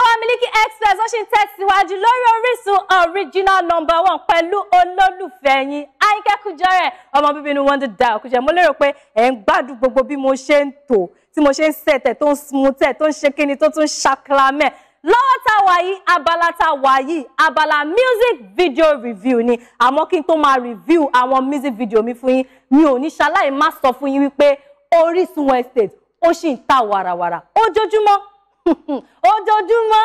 tó wá Miliki Express ó sì ń tẹ̀síwájú lórí Orísun original number one pẹ̀lú olólùfẹ́ yín Àyìnkẹ́ Kújọrẹ̀ ọmọ bíbí inú Wonder Dial Kújọrẹ̀ mo lérò pé ẹ̀ ń gbádùn gbogbo bí mo ṣe ń tò tí mo ṣe ń sẹ̀tẹ̀ tó ń smutẹ̀ tó ń ṣe kíni tó tún ṣàkàlámẹ̀ lọ́wọ́ tá a wà yìí abala tá a wà yìí abala music video review ni àmọ́ kí n tó máa review àwọn music video mi fún yín mi ò ní ṣaláì má sọ fún yín wípé Orísun Estate ó sì ń ta wàràwàrà ojoojúmọ́ ojoojúmọ́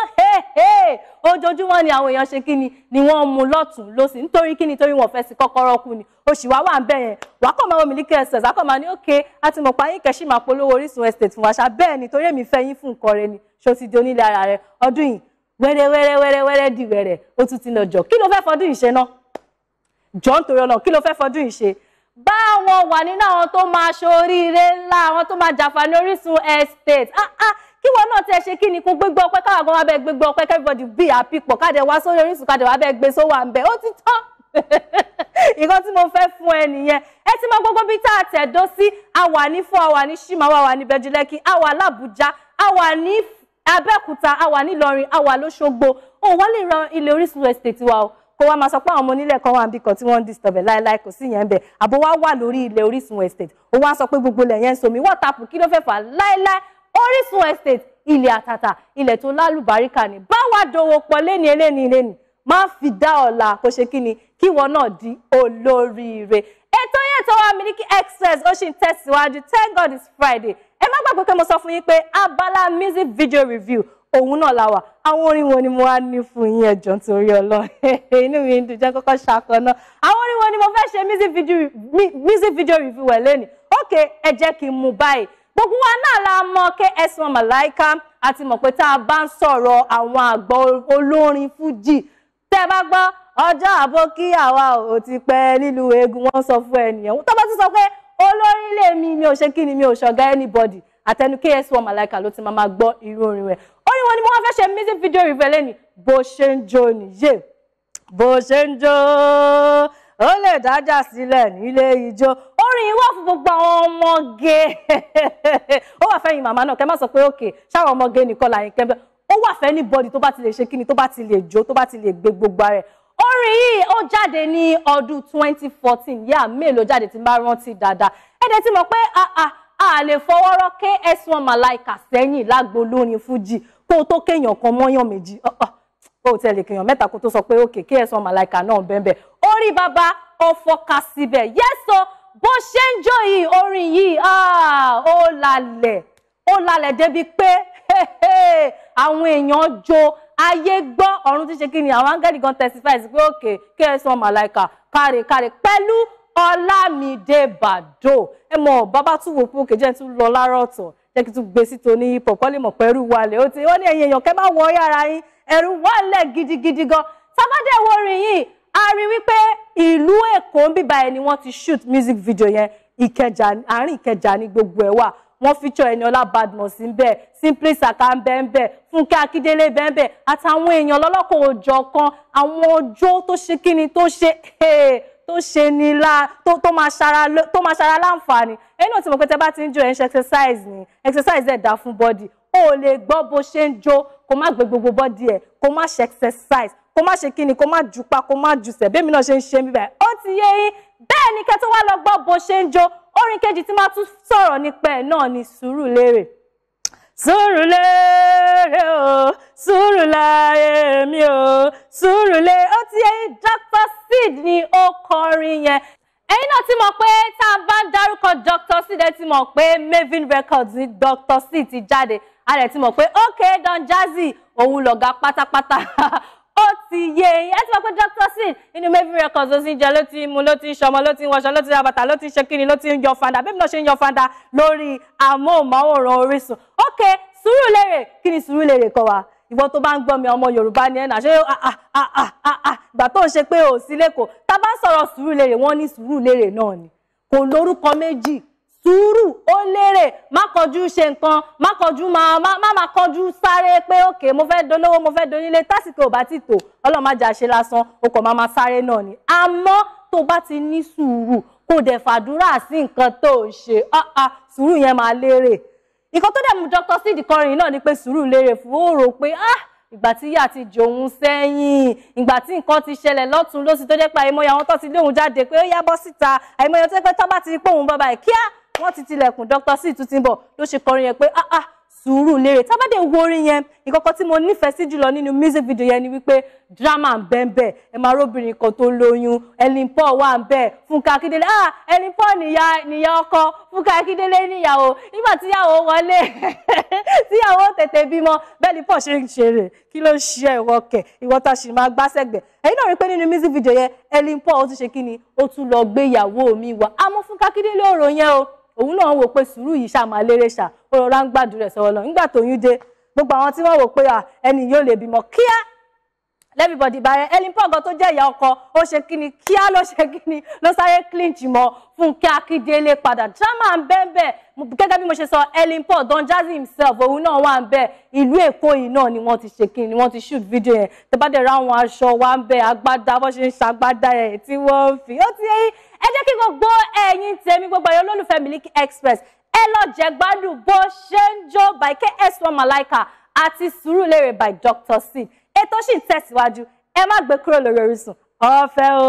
ojoojúmọ́ ni àwọn èèyàn ṣe kíni ni wọ́n mú lọ́tún lọ́sìn nítorí kíni torí wọ́n fẹ́ sí kọ́kọ́rọ́ kú ni oṣù wa wà ń bẹ̀ yẹn wà á kàn máa wọ Miliki Express àkàn máa ní òkè àti mọ̀pá yín kẹ̀sí máa polówó Orísun estate fún wa ṣá bẹ́ẹ̀ ni torí èmi fẹ́ yín fún nǹkan rẹ ni ṣó ti di onílé ara rẹ ọdún yìí wẹ́rẹ́ wẹ́rẹ́ wẹ́rẹ́ wẹ́rẹ́ di wẹ́rẹ́ ó tún ti nà jọ kí ló fẹ́ fọdún yìí náà jọ ń ọ̀nà kí ló fẹ́ fọdún yìí bá wọn wà nínú àwọn tó máa ṣoríire ńlá àwọn tó máa jàǹfààní Orísun estate ah ah kí wọn náà tẹ ṣe kí ni kún gbégbé ọpẹ́ káwọn kan wá bẹ gbégbé ọpẹ́ kẹfìbọdì bíi àpipọ káde wá sórí Orísun káde wá bẹ gbé sówà ń bẹ ó ti tán nǹkan tí mo fẹ́ fún ẹ nìyẹn ẹ ti mọ gbogbo bí tá a tẹ̀dó sí a wà ní fún a wà ní ṣìmáwá a wà ní bẹjúlẹ́kì a wà lábújá a wà ní Abẹ́òkúta a wà ní Ìlọrin a wà lóṣogbo òun wọ́n lè ran ilé Orísun estate wa o kó wá máa sọ pé àwọn ọmọ onílẹ̀ kan wà níbi kan tí wọ́n ń disturb ẹ̀ láéláé kò sí yẹn ń bẹ̀ àbó wá wà lórí ilẹ̀ Orísun estate ó wá sọ pé gbogbo ilẹ̀ yẹn ń somi wọ́tàpù kí ló fẹ́ fà láéláé Orísun estate ilẹ̀ àtàtà ilẹ̀ tó lálùbáríkà ni báwa dòwò pọ̀ léni eléni eléni má fi dá ọ̀la kó ṣe kí ni kí wọn náà di olóríire ètò yẹn tó wá Miliki Express ó sì ń tẹ̀síwájú thank God it's Friday ẹ má gbàgbé pé mo sọ fún yín pé abala music video review òun náà la wà àwọn orin wo ni mo wá ní fún yín ẹjọ nítorí Ọlọ́run inú mi ń dùn jẹ́ kọ́kọ́ ṣàkọ náà àwọn orin wo ni mo fẹ́ ṣe music video review ẹ lónìí ok ẹ jẹ́ kí n mú báyìí gbogbo wa náà la mọ̀ KS Malaika àti mọ̀ pé tá a bá ń sọ̀rọ̀ àwọn àgbọ̀ olórin fújì tẹ́ ẹ bá gbọ́ ọjọ́ àbó kí àwa ò ti pẹ́ nílùú eegun wọ́n sọ fún ẹnìyẹn tó bá ti sọ pé olórin lèmi mi ò ṣe kí ni mi ò ṣọ̀gá anybody àtẹnu KS Malaika ló ti máa máa gbọ́ irú orin rẹ̀ ni mo wá fẹ́ ṣe music video review lẹ́nu bó ṣe ń jó nìyé bó ṣe ń jó ó lè dájà sílẹ̀ nílé ijó orin yìí wà fún gbogbo àwọn ọmọge ó wà fẹ́yìn màmá náà kẹ́ má sọ pé òkè ṣáwọn ọmọge nìkan là ń kẹ́ bẹ́ẹ̀ ó wà fẹ́ ní bọ́dì tó bá ti lè ṣe kíni tó bá ti lè jó tó bá ti lè gbé gbogbo ara ẹ̀ orin yìí ó jáde ní ọdún 2014 yá mélòó jáde tí n rántí dáadáa ẹ̀dẹ̀ ti mọ̀ pé a lè fọwọ́rọ́ ks1 malaika sẹ́yìn lágbo lórin fújì kó tó kéèyàn kan mọ́yàn méjì ah, ah, ó tẹ̀lé kéèyàn mẹ́ta kó tó sọ pé òkè kí ẹ̀sán màláìka náà bẹ́ẹ̀ orí bàbá ó fọ́ka síbẹ̀ yẹ́sọ bó ṣe ń jó yìí orin yìí ah, ó lálẹ̀ ó lálẹ̀ débi pé àwọn èèyàn jó ayé gbọ́ ọ̀run ti ṣe kí ni àwọn áńgẹ́lì gan testify sí pé òkè kí ẹ̀sán màláìka kárẹ̀kárẹ̀ pẹ̀lú Ọlámídé Bàdó ẹ mọ̀ bàbá tún wò pé òkè jẹ́ tún lọ lárọ̀ ọ̀tọ̀ jẹ́ kí tún gbé sí tòní hip mọ̀ pé ẹrú ó ti ó ní ẹ̀yin èèyàn kẹ́ má wọ yàrá yín ẹrú wálẹ̀ gidigidi gan sábàdé wo rìn yìí a rí wípé ìlú Èkó ń bíbá ẹni wọ́n ti shoot music video yẹn Ìkẹjà àárín Ìkẹjà ní gbogbo ẹ̀ wà wọ́n feature Ẹniọlá Badmus ń bẹ Simply Saka ń bẹ ń bẹ Fúnkẹ́ Akíndélé bẹ ń bẹ àtàwọn èèyàn lọlọkọ òòjọ kan àwọn ọjọ́ tó ṣe kíni tó tó ṣe ni lá tó máa ṣara láǹfààní ẹni ò ti mọ̀ pé tẹ bá ti ń jó ẹ̀ ń ṣe exercise ni exercise ẹ̀ dá fún bọ́dì o ò lè gbọ́ bó ṣe ń jó kó má gbé gbogbo bọ́dì ẹ̀ kó má ṣe exercise kó má ṣe kíni kó má jupa kó má jùsẹ̀ bẹ́ẹ̀ mi náà ṣe ń ṣe bíbẹ̀ ó ti yé yín bẹ́ẹ̀ ni kẹ́ wá lọ gbọ́ bó ṣe ń jó orin kejì tí máa tún sọ̀rọ̀ nípa ẹ̀ náà ni sùúrù lérè sùúrù lérè o sùúrù láyé mi o sùúrù lérè ó ti yé yín Dr. Seed ni ó kọrin yẹn ẹ̀yin náà ti mọ̀ pé tá a bá ń dárúkọ Dr. C dẹ̀ ti mọ̀ pé Mavin Records ni Dr. C ti jáde a dẹ̀ ti mọ̀ pé ok Don Jazzy òun lọ̀gá pátápátá ó ti yé yín ẹ ti mọ̀ pé Dr. C inú Mavin Records ló ti ń jẹ ló ti ń mu ló ti ń ṣọmọ ló ti ń wọṣọ ló ti ń abàtà ló ti ń ṣe kíni ló ti ń yọ fanda bẹ́ẹ̀ náà ṣe ń yọ fanda lórí amóhùnmáwòrán Orísun ok sùúrù lèrè kí ni sùúrù lèrè kọ wa ìwọ tó bá ń gbọ́ mi ọmọ Yorùbá ni ẹ̀ náà ṣé ah ah ah ah ah, ah ìgbà tó ń ṣe pé ò sí lẹ́kọ̀ọ́ tá bá sọ̀rọ̀ sùúrù lérè wọ́n ní sùúrù lérè náà ni kò lórúkọ méjì sùúrù ó lérè má kọjú ṣe nǹkan má kọjú máa má má kọjú sáré pé òkè mo fẹ́ dolówó mo fẹ́ donílé tásìkò ò bá ti tò ọlọ́màjà ṣe lásán o kò máa ma sáré náà ni àmọ́ tó bá ti ní sùúrù kò dẹ̀ fàdúrà sí nǹkan tó ń ṣe ah, ah, sùúrù yẹn máa lérè nǹkan tó dẹ̀ mú Dr. Sid kọrin náà ni pé sùúrù lérè fún ó pé ah ìgbà tí yà ti jòun sẹ́yìn ìgbà tí nǹkan ti ṣẹlẹ̀ lọ́tún lósì tó jẹ́ pé àìmọye àwọn tó ti lé òun jáde pé ó yá bọ́ síta àìmọye tó jẹ́ pé tó bá ti pé òun bọ́ báyìí kíá wọ́n ti tilẹ̀kùn Dr. sí ìtútìbọ̀ ló ṣe kọrin yẹn pé ah ah sùúrù lérè tábàdé wo orin yẹn ìkọ̀kọ̀ tí mo nífẹ̀ẹ́ sí jùlọ nínú music video yẹn ni wípé drama ń bẹ́ẹ̀ bẹ́ẹ̀ ẹ máa róbìnrin kan tó lóyún Ellen Paul wà ń bẹ́ẹ̀ Fúnkẹ́ Akíndélé ah Ellen Paul nìyá nìyá ọkọ Fúnkẹ́ Akíndélé níyàwó nígbà tíyàwó wọlé tíyàwó tètè bímọ bẹ́ẹ̀ ni Paul ṣe ń ṣeré kí ló ń ṣe ìwọ kẹ̀ ìwọ tá a sì máa gbá sẹ́gbẹ̀ ẹ̀yin náà rí pé nínú music video yẹn Ellen Paul ó ti ṣe kí ni ó tún lọ gbéyàwó mi wá àmọ́ Fúnkẹ́ Akíndélé ọ̀rọ̀ yẹn o òun náà wò pé sùúrù yìí ṣá máa lérè ṣá ó rọra ń gbàdúrà sọ̀rọ̀ lọ nígbà tóyún dé gbogbo àwọn tí wọ́n wò pé ẹni yóò lè bímọ kíá lẹ́bìbọ̀dì ìbàrẹ̀ ẹni pọ̀gàn tó jẹ́ ìyá ọkọ ó ṣe kíni kíá ló ṣe kíni ló sáré clinch mọ́ Fúnkẹ́ Akíndélé padà drama ń bẹ́ẹ̀ bẹ́ẹ̀ gẹ́gẹ́ bí mo ṣe sọ Ellen Paul Don Jazzy himself òun náà wà ń bẹ ìlú Èkó yìí náà ni wọ́n ti ṣe kí ni wọ́n ti shoot video yẹn tẹ́bàdé ráwọn aṣọ wà ń bẹ agbádá bó ṣe ń ṣàgbádá yẹn tí wọ́n fi ó ti ẹ̀yin ẹ jẹ́ kí gbogbo ẹ̀yin tèmi gbogbo ẹ̀yin olólùfẹ́ Miliki Express ẹ lọ jẹ gbádùn bó ṣe ń jó by KS1 Malaika àti Surulere by Dr. Sid ètò sì ń tẹ̀síwájú ẹ má gbé kúrò lórí Orísun ọ̀fẹ́ o.